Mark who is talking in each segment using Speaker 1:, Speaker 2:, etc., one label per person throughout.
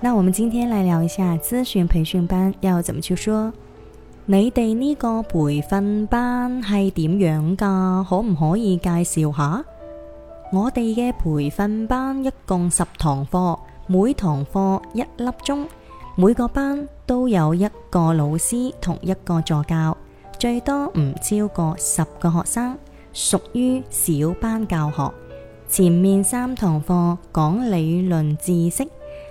Speaker 1: 那我們今天來聊一下諮詢培訓班要怎麼去說。你哋呢個培訓班係點樣噶？可唔可以介紹下？我哋嘅培訓班一共十堂課，每堂課一粒鐘，每個班都有一個老師同一個助教，最多唔超過十個學生，屬於小班教學。前面三堂課講理論知識。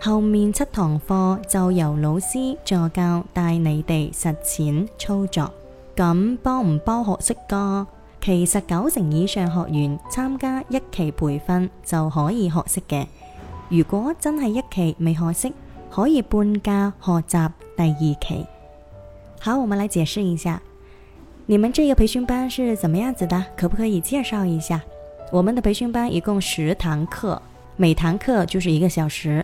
Speaker 1: 後面七堂課就由老師助教帶你哋實踐操作，咁包唔包學識噶？其實九成以上學員參加一期培訓就可以學識嘅。如果真係一期未學識，可以半價學習第二期。好，我們來解釋一下，你們這個培訓班是怎麼樣子的？可不可以介紹一下？我們的培訓班一共十堂課，每堂課就是一個小時。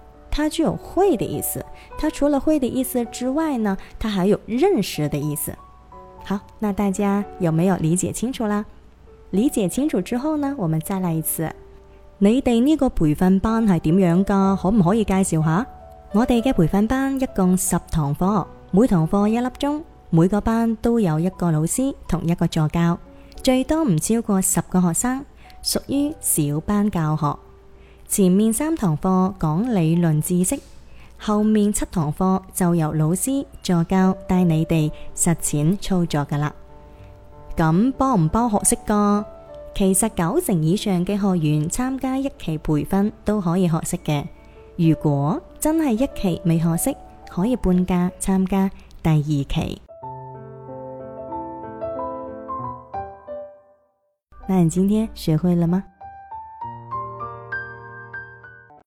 Speaker 1: 它具有“會”的意思，它除了“會”的意思之外呢，它還有認識的意思。好，那大家有沒有理解清楚啦？理解清楚之後呢，我們再來一次。你哋呢個培訓班係點樣噶？可唔可以介紹下？我哋嘅培訓班一共十堂課，每堂課一粒鐘，每個班都有一個老師同一個助教，最多唔超過十個學生，屬於小班教學。前面三堂課講理論知識，後面七堂課就由老師助教帶你哋實踐操作噶啦。咁包唔包學識噶？其實九成以上嘅學員參加一期培訓都可以學識嘅。如果真係一期未學識，可以半價參加第二期。那你今天學會了嗎？